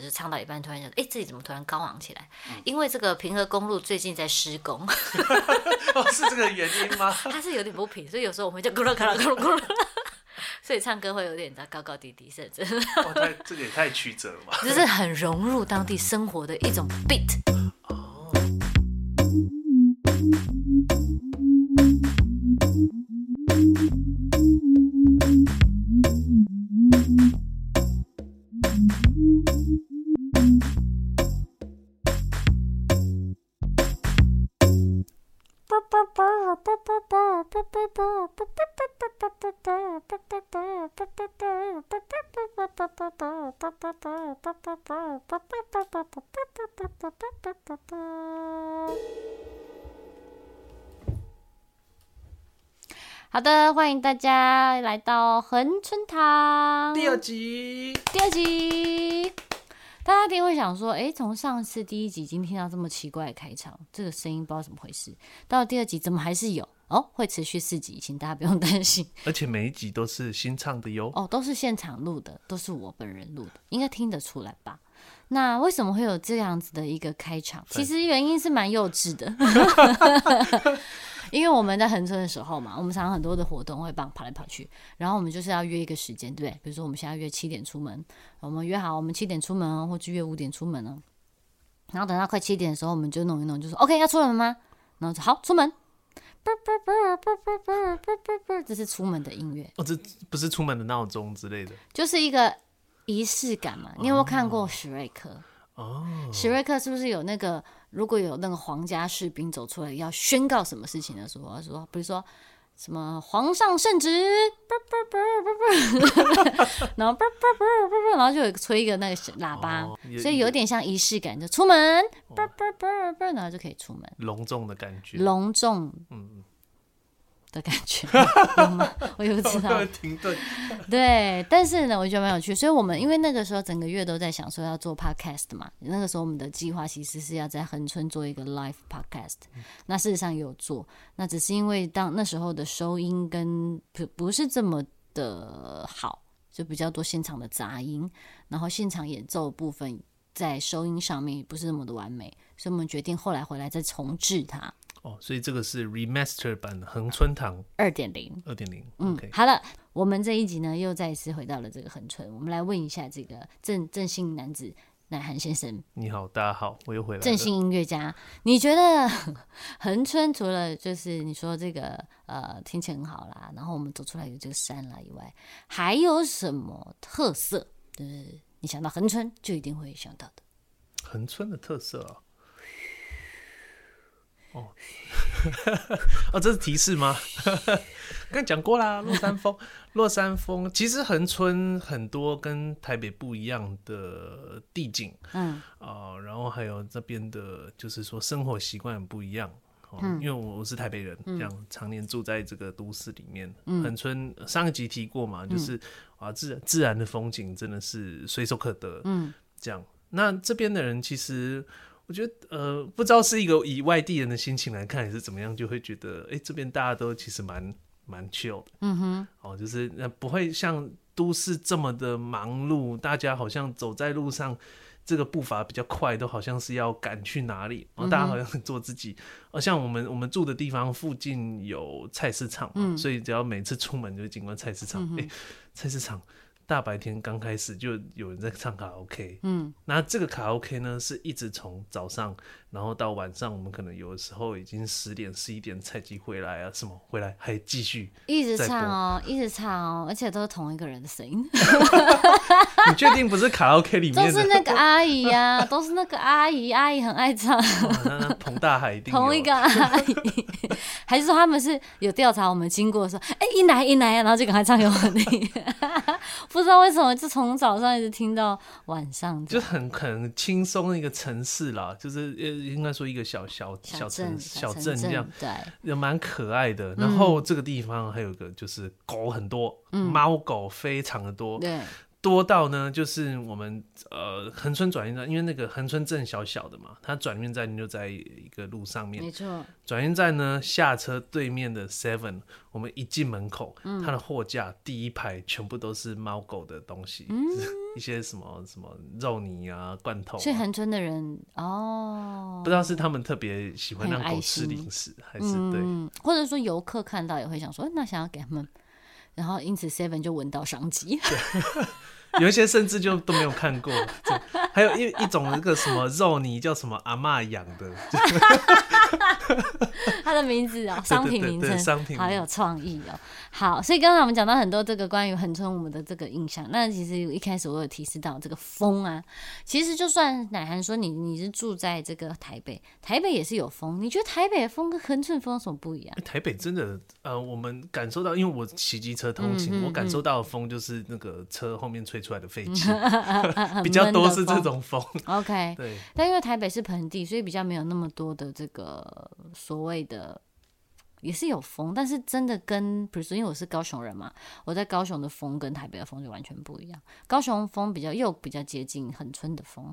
就唱到一半，突然覺得哎，自、欸、己怎麼突然高昂起來？嗯、因為這個平和公路最近在施工， 哦、是這個原因嗎？它是有點不平，所以有時候我們就咕嚕咕嚕咕嚕咕嚕，所以唱歌會有點在高高低低，甚至。是、哦？哇，這個、也太曲折了吧，就是很融入當地生活的一種 beat。好的，歡迎大家來到恆春堂第二集。第二集，大家一定會想說：哎，從上次第一集已經聽到這麼奇怪的開場，這個聲音不知道怎麼回事，到了第二集怎麼還是有？哦，會持續四集，請大家不用擔心。而且每一集都是新唱的喲。哦，都是現場錄的，都是我本人錄的，應該聽得出來吧？那為什麼會有這樣子的一個開場？是其實原因是蠻幼稚的， 因為我們在恆春的時候嘛，我們常常很多的活動會幫跑來跑去，然後我們就是要約一個時間，對不對？比如說我們現在約七點出門，我們約好我們七點出門哦，或者約五點出門了哦。然後等到快七點的時候，我們就弄一弄，就說 OK 要出門嗎？然後就好出門。不不不不不不不不不，這是出門的音樂哦，這不是出門的鬧鐘之類的，就是一個儀式感嘛。你有沒有看過史瑞克？哦，史瑞克是不是有那個，如果有那個皇家士兵走出來要宣告什麼事情的時候說，說比如說。什麼皇上聖旨，然後，就有吹一個那個喇叭，哦、所以有點像儀式感，就出門，哦、然後就可以出門，隆重的感覺，隆重，嗯的感覺， 我也不知道 對，但是呢，我覺得蠻有趣。所以，我們因為那個時候整個月都在想說要做 podcast 嘛，那個時候我們的計劃其實是要在恆春做一個 live podcast。那事實上也有做，那只是因為當那時候的收音跟不不是這麼的好，就比較多現場的雜音，然後現場演奏部分在收音上面不是那麼的完美，所以我們決定後來回來再重置它。哦，所以這個是 remaster 版的恆春堂二點零，二點零，2.0, okay，嗯，好了，我們這一集呢又再次回到了這個恆春。我們來問一下這個鄭鄭姓男子南韓先生，你好，大家好，我又回來了，鄭姓音樂家，你覺得恆春除了就是你說這個呃天氣很好啦，然後我們走出來有這個山啦以外，還有什麼特色？就是你想到恆春就一定會想到的，恆春的特色啊。哦，呵呵哦，這是提示嗎？剛講過啦，落山風，落 山風。其實恆春很多跟台北不一樣的地景，嗯，啊、呃，然後還有這邊的，就是說生活習慣很不一樣。哦、嗯，因為我我是台北人，這樣常年住在這個都市裡面。恆春上一集提過嘛，就是、嗯、啊，自自然的風景真的是隨手可得。嗯，這樣，那這邊的人其實。我覺得，呃，不知道是一個以外地人的心情來看，還是怎麼樣，就會覺得，哎、欸，這邊大家都其實蠻蠻 chill 的，嗯哼，哦，就是不會像都市這麼的忙碌，大家好像走在路上，這個步伐比較快，都好像是要趕去哪裡，啊、哦，大家好像做自己，好。嗯哼哦，像我們我們住的地方附近有菜市場，嗯哦，所以只要每次出門就會經過菜市場，哎、嗯哼欸，菜市場。大白天剛開始就有人在唱卡拉 OK，嗯，那這個卡拉 OK 呢，是一直從早上然後到晚上，我們可能有的時候已經十點、十一點採集回來啊，什麼回來還繼續一直唱哦，一直唱哦，而且都是同一個人的聲音。 你確定不是卡拉 OK 裡面的都是那個阿姨啊？都是那個阿姨，阿姨很愛唱。 那，那彭大海一定同一個阿姨。 還是說他們是有調查我們經過的時候，哎、欸，一來一來，啊，然後就趕快唱給我聽， 不知道為什麼，就從早上一直聽到晚上，就很很輕鬆一個城市啦，就是呃，應該說一個小小小，小城小鎮這樣，也蠻可愛的。然後這個地方還有個就是狗很多，貓、嗯、狗非常的多。對。多到呢，就是我們呃恆春轉運站，因為那個恆春鎮小小的嘛，它轉運站就在一個路上面。沒錯錯。轉運站呢，下車對面的 Seven，我們一進門口，嗯、它的貨架第一排全部都是貓狗的東西，嗯、一些什麼什麼肉泥啊、罐頭、啊。所以恆春的人哦，不知道是他們特別喜歡讓狗吃零食，還是、嗯、對，或者說遊客看到也會想說，那想要給他們。然後，因此 Seven 就聞到商機。 有一些甚至就都沒有看過，還有一一種那個什麼肉泥叫什麼阿嬤養的，他的名字哦，商品名稱，商品名好有創意哦。 好，所以剛才我們講到很多這個關於恆春我們的這個印象。那其實一開始我有提示到這個風啊，其實就算奶涵說你你是住在這個台北，台北也是有風。你覺得台北的風跟恆春風有什麼不一樣？欸、台北真的呃，我們感受到，因為我騎機車通勤，嗯、我感受到的風就是那個車後面吹。出來的飛機。 比較多是這種風。 風 OK，對但因為台北是盆地，所以比較沒有那麼多的這個所謂的，也是有風，但是真的跟比如說，因為我是高雄人嘛，我在高雄的風跟台北的風就完全不一樣。高雄風比較又比較接近恆春的風，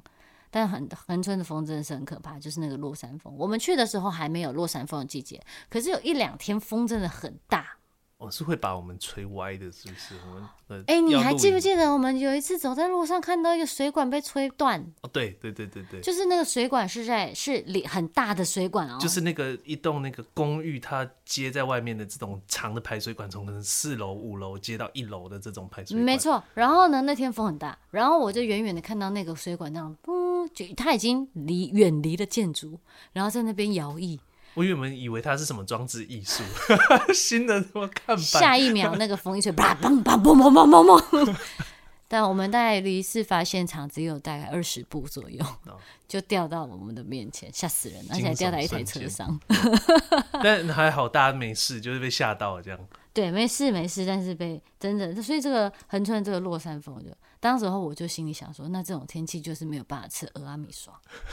但恆恆春的風真的是很可怕，就是那個落山風。我們去的時候還沒有落山風的季節，可是有一兩天風真的很大。哦，是會把我們吹歪的，是不是？我們，哎、呃欸，你還記不記得我們有一次走在路上，看到一個水管被吹斷？哦，對對對對對，對對，就是那個水管是在是裡很大的水管哦，就是那個一棟那個公寓它接在外面的這種長的排水管，從四樓五樓接到一樓的這種排水管。沒錯，然後呢，那天風很大，然後我就遠遠的看到那個水管這樣，嘣，就它已經離遠離了建築，然後在那邊搖曳。我原本以為它是什麼裝置藝術， 新的什麼看板。下一秒那個風一吹，啪啪啪啪啪啪啪。但我們大概離事發現場只有大概二十步左右，oh。就掉到了我們的面前，嚇死人！而且還掉在一台車上，對 但還好大家沒事，就是被嚇到了這樣。對，沒事沒事，但是被真的，所以這個恆春這個落山風，就當時候我就心裡想說，那這種天氣就是沒有辦法吃蚵仔麵線。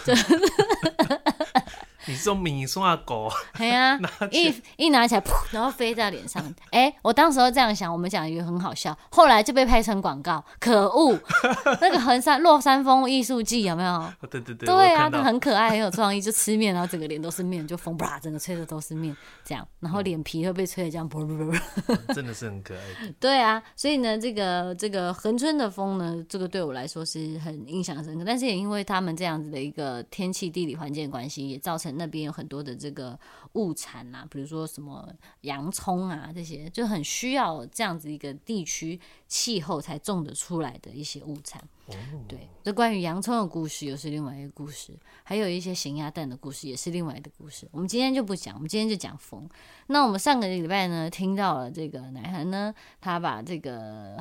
真的。 你說麵線糊？對啊，一一拿起來，噗，然後飛在臉上。哎、 欸，我當時候這樣想，我們講也很好笑。後來就被拍成廣告，可惡！ 那個恆春落山風藝術季有沒有？ 對對對，對啊，很可愛，很有創意。就吃麵，然後整個臉都是面，就風啪，整個吹的都是面，這樣，然後臉皮會被吹的這樣噗噗噗噗。真的是很可愛的。 對啊，所以呢，這個這個恆春的風呢，這個對我來說是很印象深刻。但是也因為他們這樣子的一個天氣地理環境的關係，也造成。那邊有很多的這個物產啊，比如說什麼洋蔥啊，這些就很需要這樣子一個地區氣候才種得出來的一些物產。Oh. 對，這關於洋蔥的故事又是另外一個故事，還有一些鹹鴨蛋的故事也是另外一個故事。我們今天就不講，我們今天就講風。那我們上個禮拜呢，聽到了這個南寒呢，他把這個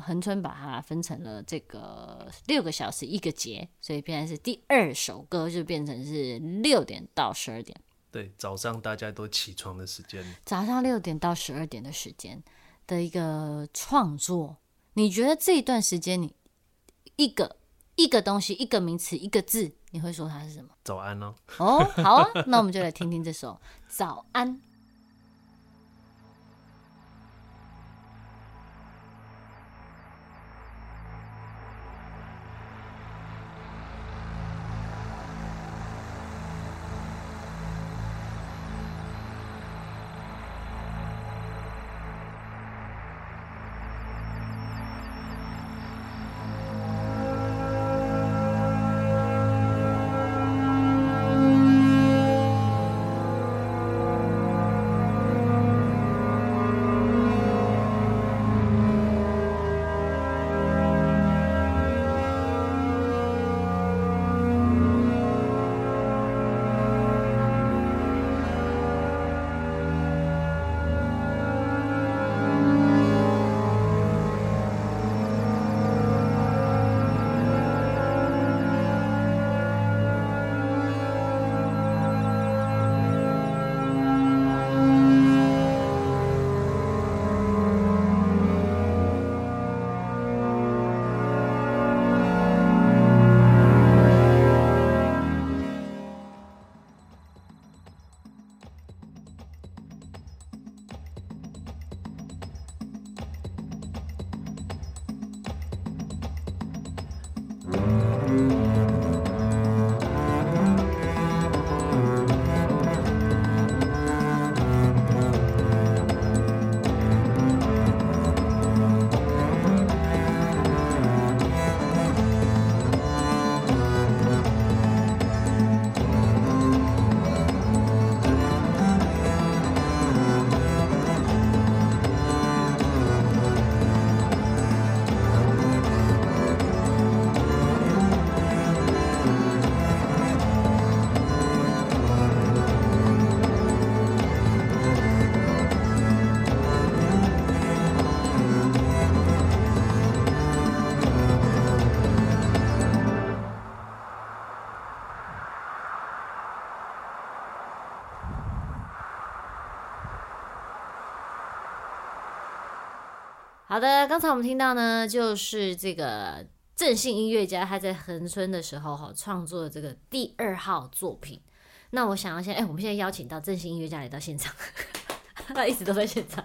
恆春把它分成了這個六個小時一個節，所以變然是第二首歌就變成是六點到十二點。對，早上大家都起床的時間，早上六點到十二點的時間的一個創作，你覺得這一段時間你？一個，一個東西，一個名詞，一個字，你會說它是什麼？早安哦。哦，好啊， 那我們就來聽聽這首《早安》。好的，剛才我們聽到呢，就是這個振興音樂家他在恆春的時候哈、喔、創作的這個第二號作品。那我想要先，哎、欸，我們現在邀請到振興音樂家來到現場， 他一直都在現場。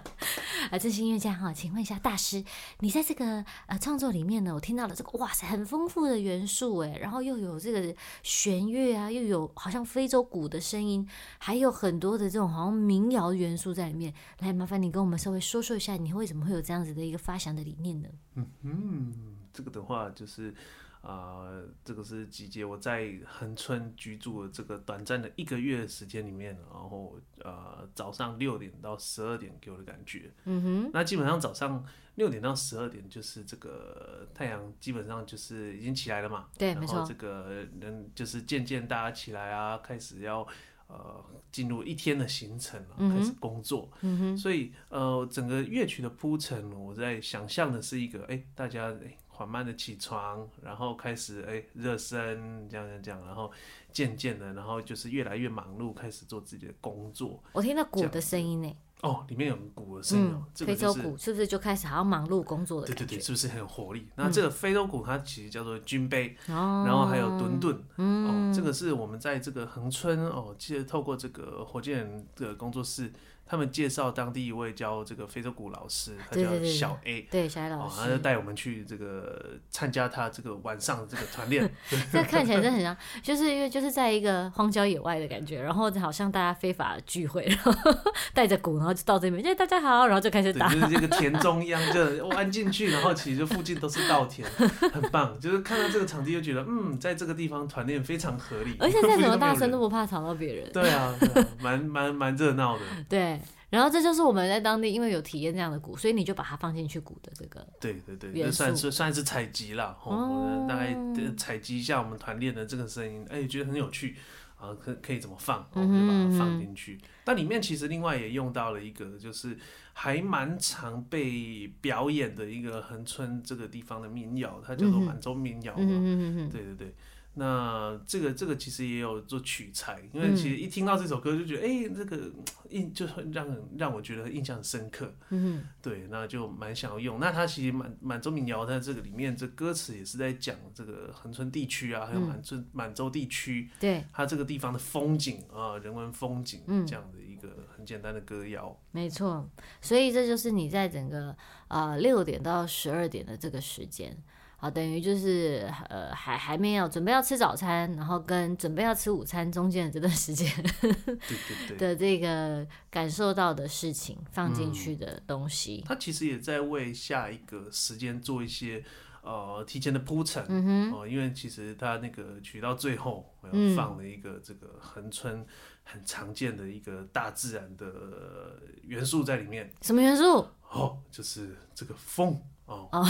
啊，這是音樂家哈，請問一下大師，你在這個呃創作裡面呢，我聽到了這個哇塞，很豐富的元素誒。然後又有這個弦樂啊，又有好像非洲鼓的聲音，還有很多的這種好像民謠元素在裡面。來，麻煩你跟我們稍微說說一下，你為什麼會有這樣子的一個發想的理念呢？嗯嗯，這個的話就是。啊、呃，這個是集結我在恆春居住的這個短暫的一個月的時間裡面，然後呃，早上六點到十二點給我的感覺，嗯哼。那基本上早上六點到十二點就是這個太陽基本上就是已經起來了嘛，對，沒錯。然後這個人就是漸漸大家起來啊，嗯、哼開始要呃進入一天的行程了、啊，嗯、哼開始工作，嗯哼。所以呃，整個樂曲的鋪陳，我在想象的是一個，哎、欸，大家。欸緩慢的起床，然後開始哎、欸、熱身，這樣，這樣這樣，然後漸漸的，然後就是越來越忙碌，開始做自己的工作。我聽到鼓的聲音呢。哦，裡面有鼓的聲音，哦。嗯，這個就是，非洲鼓是不是就開始好像忙碌工作的？對對對，是不是很有活力？那這個非洲鼓它其實叫做軍杯，嗯，然後還有頓頓。嗯、哦，這個是我們在這個恆春哦，其實透過這個火箭人的工作室。他們介紹當地一位叫這個非洲鼓老師，他叫小 A，對、對、對、對、對小 A 老師，然後、哦、就帶我們去這個參加他這個晚上這個團練。 這看起來是很像，就是因為就是在一個荒郊野外的感覺，然後好像大家非法聚會，帶着鼓，然後就到這邊，就、哎、大家好，然後就開始打。對就是這個田中央，就彎進去， 然後其實附近都是稻田，很棒。就是看到這個場地就覺得，嗯，在這個地方團練非常合理， 而且再怎麼大聲都不怕吵到別人。 對啊，蠻蠻蠻熱鬧的。 對。然後這就是我們在當地，因為有體驗這樣的鼓，所以你就把它放進去鼓的這個，對對對，素那算是算是採集了，哦、我呢大概採集一下我們團練的這個聲音，哎、欸，覺得很有趣，啊，可以可以怎麼放，我、哦、們就把它放進去。嗯、但裡面其實另外也用到了一個，就是還蠻常被表演的一個恆春這個地方的民謠，它叫做滿洲民謠嘛，嗯、哼對對對。那這個這個其實也有做取材，因為其實一聽到這首歌就覺得，哎、嗯欸，這個印就是讓讓我覺得印象很深刻。嗯，對，那就蠻想要用。那他其實滿滿洲民謠，在這個裡面這歌詞也是在講這個恆春地區啊，還有滿洲、嗯、滿洲地區，對它這個地方的風景啊，人文風景這樣的一個很簡單的歌謠、嗯。沒錯，所以這就是你在整個啊呃、六點到十二點的這個時間。啊，等於就是呃，還還沒有準備要吃早餐，然後跟準備要吃午餐中間的這段時間，對對對 的這個感受到的事情放進去的東西，嗯，他其實也在為下一個時間做一些呃提前的鋪陳哦，因為其實他那個取到最後，我、呃嗯、放了一個這個恆春很常見的一個大自然的元素在裡面，什麼元素？哦，就是這個風。哦，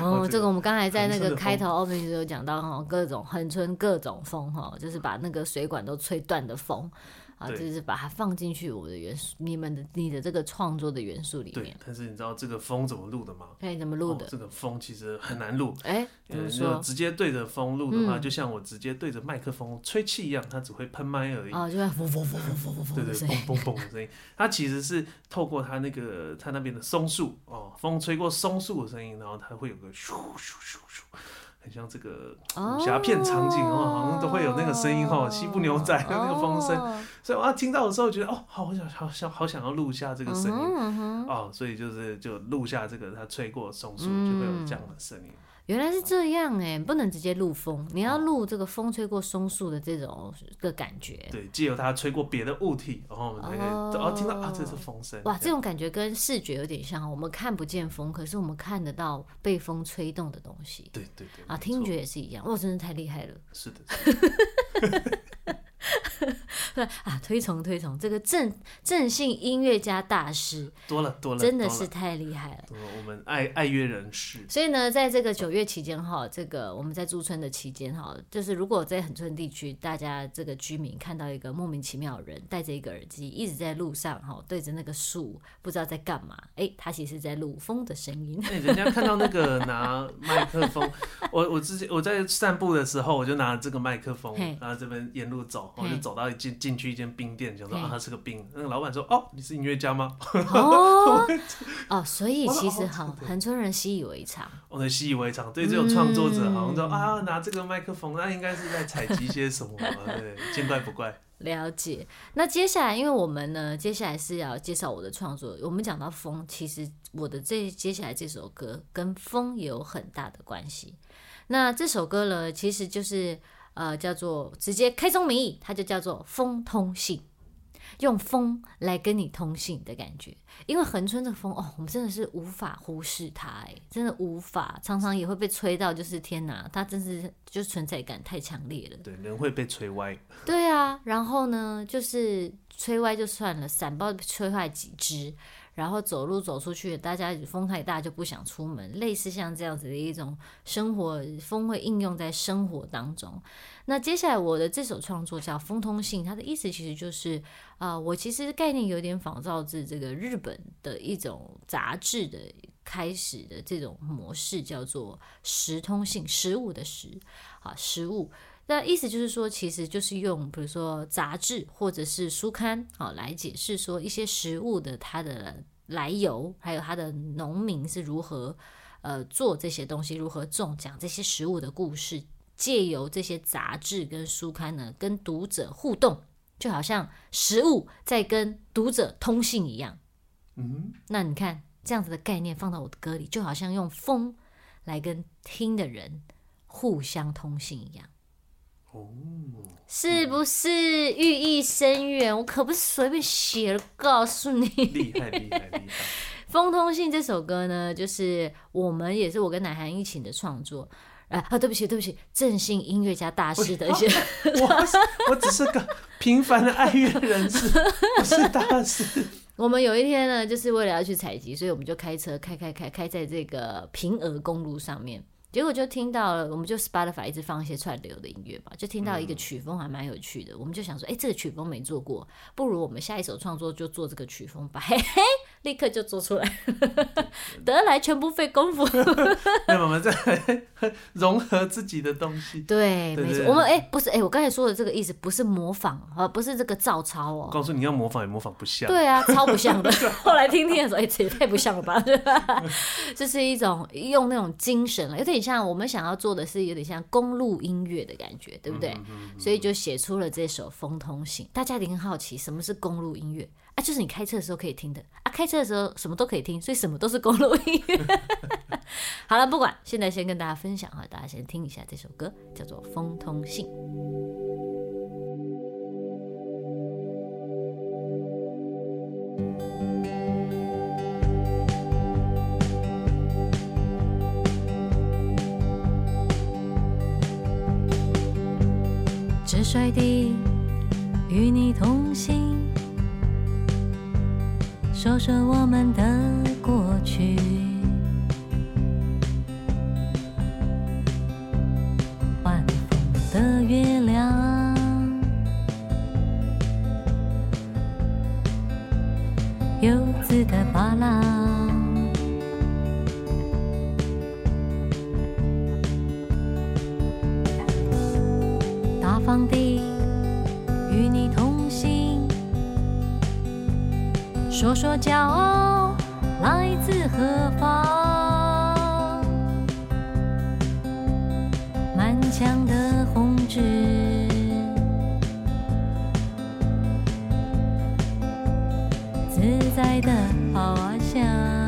哦，這個我們剛才在那個開頭 opening 就有講到哈，各種恆春各種風哈、哦，就是把那個水管都吹斷的風。啊，就是把它放進去我的元素，你們的你的這個創作的元素裡面。對，但是你知道這個風怎麼錄的嗎？看你怎麼錄的。這個風其實很難錄。哎，怎麼說？直接對着風錄的話，就像我直接對着麥克風吹氣一樣，它只會噴麥而已。哦，就風風風風風風風的聲音。對對，風風風的聲音。它其實是透過它那個它那邊的松樹哦，風吹過松樹的聲音，然後它會有個咻咻咻咻。像這個武俠片場景哦，oh, 好像都會有那個聲音哦，oh, 西部牛仔的那個風聲，oh. 所以我、啊、聽到的時候覺得哦，好，我想，好想，好想要錄下這個聲音、uh huh, uh huh. 哦，所以就是就錄下這個，它吹過松樹就會有這樣的聲音。Uh huh. 嗯原來是這樣哎，不能直接錄風，你要錄這個風吹過松樹的這種個感覺。啊、對，借由它吹過別的物體，然後我們，哦，然後、啊、聽到啊，這是風聲。哇，對這種感覺跟視覺有點像，我們看不見風，可是我們看得到被風吹動的東西。對對對。啊，聽覺也是一樣。錯哇，真的太厲害了是。是的。 啊，推崇推崇這個正正性音樂家大師多了多了，多了真的是太厲害了。了我們愛愛樂人士，所以呢，在這個九月期間哈，這個我們在駐村的期間哈，就是如果在恆春地區，大家這個居民看到一個莫名其妙的人戴着一個耳機一直在路上哈，對着那個樹不知道在幹嘛，哎，他其實在錄風的聲音。哎，人家看到那個拿麥克風， 我我之前我在散步的時候，我就拿這個麥克風，嘿然後這邊沿路走，我嘿就走到一。進去一間冰店，想說 Okay. 啊，他是個冰。那個老板說：“哦，你是音樂家嗎？”哦、oh, 我，哦，所以其實哈，恆春、哦、人習以為常。我們習以為常，對這種創作者，好像說、嗯、啊，拿這個麥克風，那應該是在採集一些什麼？ 對，對，對，見怪不怪。了解。那接下來，因為我們呢，接下來是要介紹我的創作。我們講到風，其實我的這接下來這首歌跟風也有很大的關係。那這首歌呢，其實就是。呃，叫做直接開宗明義，它就叫做風通信，用風來跟你通信的感覺。因為恆春的風哦，我們真的是無法忽視它、欸，哎，真的無法，常常也會被吹到，就是天哪，它真是就是存在感太強烈了。對，人會被吹歪。對啊，然後呢，就是吹歪就算了，傘包吹壞幾隻。然後走路走出去，大家風太大就不想出門，類似像這樣子的一種生活風會應用在生活當中。那接下來我的這首創作叫《風通信》，它的意思其實就是啊、呃，我其實概念有點仿造自這個日本的一種雜誌的開始的這種模式，叫做“食通信”，食物的食，啊，食物。那意思就是說，其實就是用比如說雜誌或者是書刊，好來解釋說一些食物的它的來由，還有它的農民是如何呃做這些東西，如何種，講這些食物的故事，借由這些雜誌跟書刊呢，跟讀者互動，就好像食物在跟讀者通信一樣。嗯、mm，hmm. 那你看這樣子的概念放到我的歌裡，就好像用風來跟聽的人互相通信一樣。是不是寓意深遠？我可不是隨便寫了告訴你。厲害厲害厲害！《風通信》這首歌呢，就是我們也是我跟乃涵一起的創作。啊，啊對不起對不起，振興音樂家大師的一些，我、啊、 我，我只是個平凡的愛樂人士，不是大師。 我們有一天呢，就是為了要去採集，所以我們就開車開開開開在這個屏鵝公路上面。結果就聽到了，我們就 Spotify 一直放一些串流的音樂吧，就聽到一個曲風還蠻有趣的，嗯、我們就想說，哎、欸，這個曲風沒做過，不如我們下一首創作就做這個曲風吧，嘿嘿。立刻就做出來，得來全不費功夫。那我們再融合自己的東西，對，沒錯。我們哎，不是哎，我剛才說的這個意思不是模仿啊，不是這個照抄哦。我告訴你要模仿也模仿不像。對啊，超不像的。 後來聽聽的時候，哎，這也太不像了吧。就是一種用那種精神，有點像我們想要做的是有點像公路音樂的感覺，對不對？所以就寫出了這首《風通行》。大家一定很好奇什麼是公路音樂。啊，就是你開車的時候可以聽的啊！開車的時候什麼都可以聽，所以什麼都是公路音樂。 好了，不管，現在先跟大家分享啊，大家先聽一下這首歌，叫做《風通信》。直水地與你同行。說說我們的過去。自在的翱翔。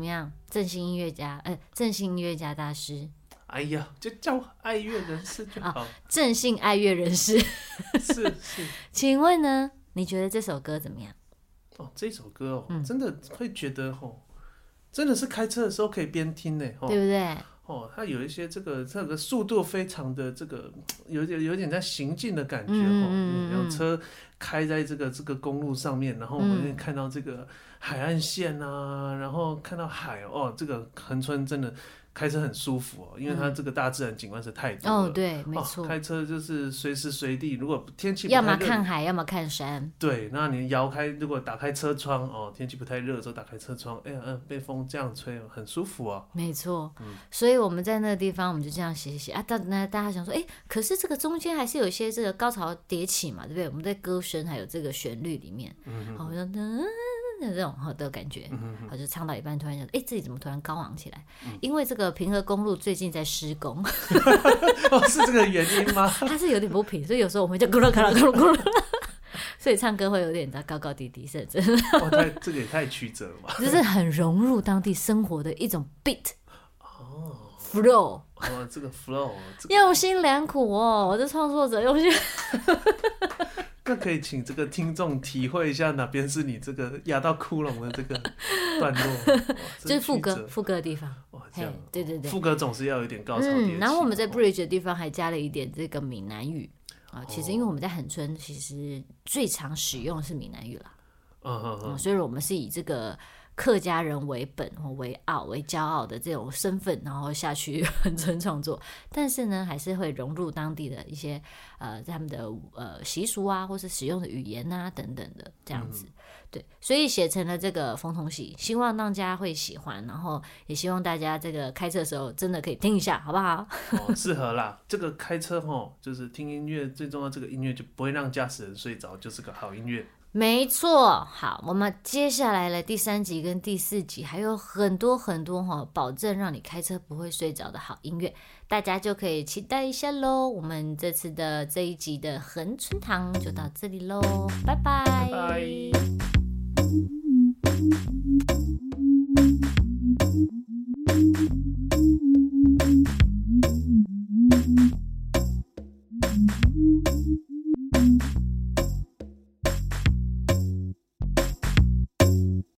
怎麼樣？正興音樂家，哎、呃，正興音樂家大師。哎呀，就叫愛樂人士就好。哦、正興愛樂人士，是 是。是請問呢，你覺得這首歌怎麼樣？哦，這首歌哦，嗯、真的會覺得哦，真的是開車的時候可以邊聽呢，哦、對不對？哦，它有一些這個這個速度非常的這個，有點有點在行進的感覺哦。嗯，然後、嗯嗯、車開在這個這個公路上面，然後我們看到這個。嗯海岸線吶、啊，然後看到海哦，這個恆春真的開車很舒服哦，因為它這個大自然景觀是太多了、嗯。哦，對，沒錯、哦。開車就是隨時隨地，如果天氣不太熱，要麼看海，要麼看山。對，那你搖開，如果打開車窗哦，天氣不太熱的時候打開車窗，哎呀嗯、呃、被風這樣吹很舒服哦。沒錯，嗯，所以我們在那個地方，我們就這樣寫寫啊，大那大家想說，哎，可是這個中間還是有一些這個高潮迭起嘛，對不對？我們在歌聲還有這個旋律裡面，嗯嗯哼。的這種的感覺，嗯、哼哼我就唱到一半，突然想哎、欸，自己怎麼突然高昂起來？嗯、因為這個屏鵝公路最近在施工， 哦、是這個原因嗎？它是有點不平，所以有時候我們就咕嚕卡啦咕嚕咕嚕咕咕， 所以唱歌會有點在高高低低，甚至。哇、哦，太，這個、也太曲折了。就是很融入當地生活的一種 beat，哦, flow, 哦、這個、，flow，這個 flow，用心良苦哦，我的創作者用心。 可以請這個聽眾體會一下哪邊是你這個壓到窟窿的這個段落，這 是副歌，副歌的地方。對對對，副歌、哦、總是要有一點高潮、嗯、然後我們在 bridge 的地方還加了一點這個閩南語、哦、啊，其實因為我們在恆春，其實最常使用的是閩南語啦。嗯嗯嗯，所以我們是以這個。嗯嗯嗯嗯嗯客家人為本、或為傲、為驕傲的這種身份，然後下去完成創作，但是呢，還是會融入當地的一些呃他們的呃習俗啊，或是使用的語言啊等等的這樣子，嗯、對，所以寫成了這個《風同戲》，希望大家會喜歡，然後也希望大家這個開車的時候真的可以聽一下，好不好？ 哦，適合啦，這個開車吼，就是聽音樂、就是、最重要，這個音樂就不會讓駕駛人睡着，就是個好音樂。沒錯，好，我們接下來的第三集跟第四集還有很多很多哈，保證讓你開車不會睡着的好音樂，大家就可以期待一下嘍。我們這次的這一集的恆春堂就到這裡嘍，拜拜。拜拜。